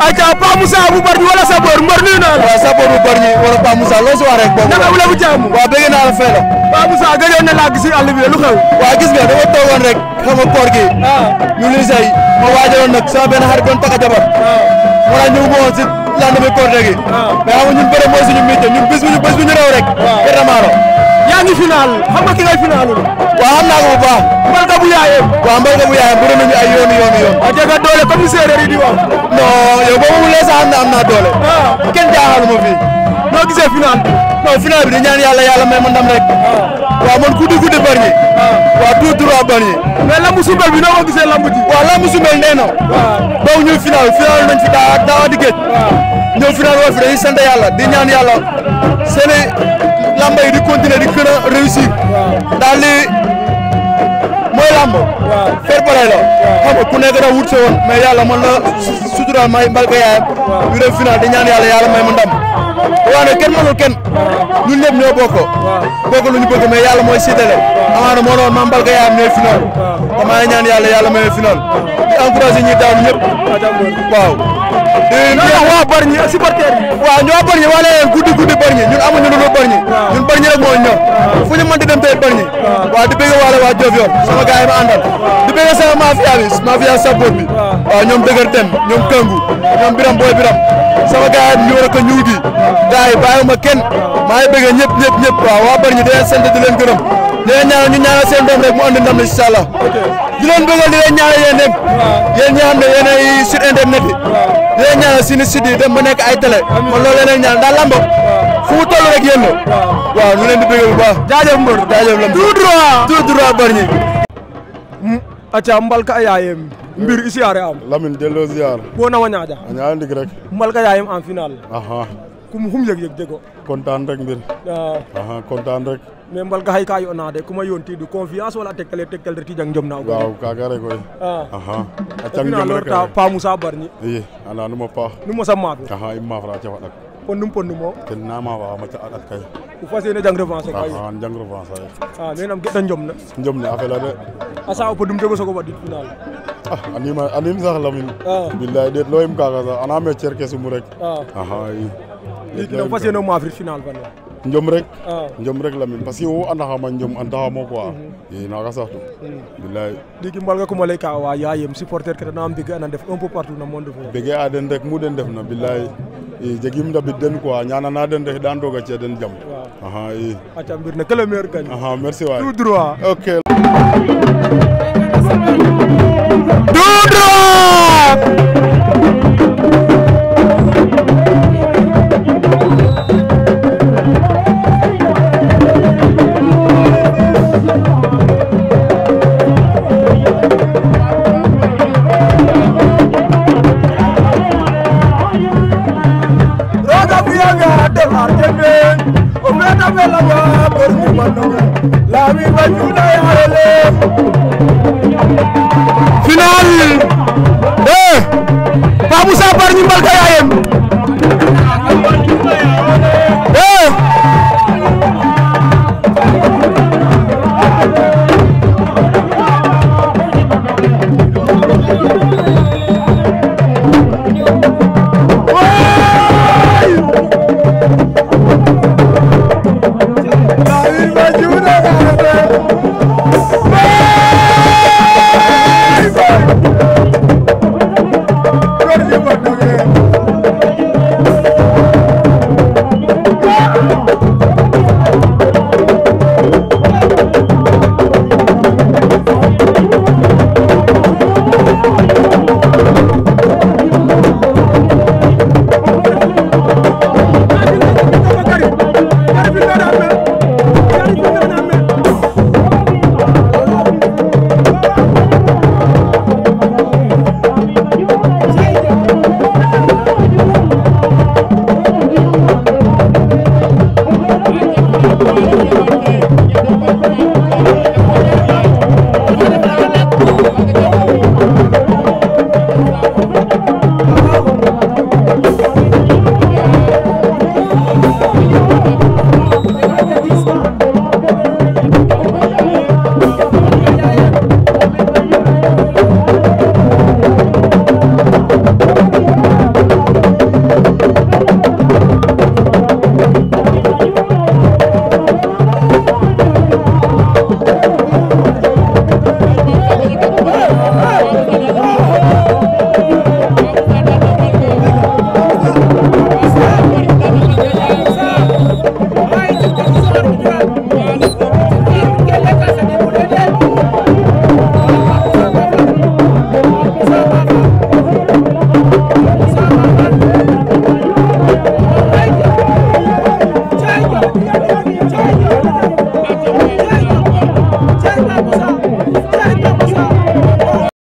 ayca Pa Moussa bu Bargny wala Sabor mbër nuyu naa la. waaw Sabor bu Bargny wala Pa Moussa loo si wax rek. boobu naka wala bu jàmm. waaw naa la fay la. Pa Moussa gëjoon na laa gis àll bi lu xew. nga dama toogoon rek xam nga koor gi. Ah. ñu ngi say ma waajaloon nag sama benn xarit doon jabar. waaw ah. moo tax ñu ngi si lendemain koor gi. Ah. mais xam nga ñun bëre mooy suñu bis bu ñu bés rek. waaw ngi final xam nga ki ngay final waaw xam naa ko bu baax mbalka bu yaayam waaw mbalka bu yaayam bëri nañu ay yoon a jega doole comme ni séeréer yi di wax non yow naa doole ah. kenn jaaxaluma fii noo gisee final bi di ñaan yàlla yàlla ma ndam rek ah. waaw man guddi guddi bari ah. waaw tout droit bari mais lambu sumbel bi noo gisee lambu ji waaw lambu sumbel nee ñu final final nañ fi daaw di géej ñëw final woo fi dañuy sant yàlla lamba yi di continuer di gën a réussir. daal li mooy lamb. fair play la. xam nga ku da wut sa woon mais yàlla man la suturaal may mbal ko yaayam. ñu dem final di ñaan yàlla yàlla may ma ndam. waaw nag kenn mënul kenn ñun ñëpp ñoo bokk bokk lu ñu bëgg mais yàlla mooy séddale amaana moo doon Mame Balla Gaye am ne final amaana ñaan yàlla yàlla may final di encouragé ñi daan ñëpp waaw non non waa Bargny supporter yi. waaw ñoo Bargny wala yéen guddi guddi Bargny ñun amuñu lu dul Bargny. ñun Bargny rek moo ñor. fu ñu mën di dem tey Bargny. waaw di bëgg wala waa Diofior sama gars yi ma àndal. di bëgg sama mafia bi mafia support bi. waaw ñoom sama gars yi ñu war a ko ñuul gi gars yi bàyyi ma kenn maa ngi bëgg ñëpp ñëpp ñëpp waaw waa Bargny di leen sant di leen gërëm di leen ñaanal ñu ñaanal seen doom mu andi ndam incha allah di leen bëggal di leen ñaanal dem yéen ñi ne yéen ay sur internet yi di leen ñaanal suñu site yi dem ba nekk ay télé kon loolu leen ñaan daal lamb fu mu toll rek yéen la waaw ñu leen di bëggal bu baax jaajëf mbër jaajëf lamb tout droit aca mbalka a yaayem mbir i siyaare am Lamine delloo ziar bo na wañaaja a ñaa ndik rek malka yaayim en final kum xum yëg-yëg jego kontaan rek mbir kontaan rek mais mbalka xay ka yo'naa de kuma yoontiidu confiance wala a tegtale tegtal retijang jom na waaw kaaga rek koy ah. a cang jom rek Pa Moussa Bargny i anda numa paax nu mosa maaf aha i maaf ra cafa ɗak pondum pondum o oh. ten na maafa xa maca a ɗak kay ku fas yéene jàng revanche ka ah jàng revanche ay ah nenam geta njom na njom ne afela de asa o podum de soko badit final ah anima anim sax lamin ah. billahi det loyim e kaga sa ana me cerke sumu rek ah ay legi no ma afrique final ban njom rek ah. njom rek lamin parce que wo anda xama njom anda xama quoi yi mhm. naga saxtu mm. billahi legi mbal nga kuma lay ka wa yaayem supporter ke na am big ana def un peu partout na monde fo bege aden rek mu den def na billahi jegim dabit den quoi ñana den rek dan doga ci den jam Aha yi. Acha mbir na que le meilleur gagne. Aha merci waay. Tout droit. OK. Tout droit. amin wa junay alele final eh Babou Sa Bargny Mbalka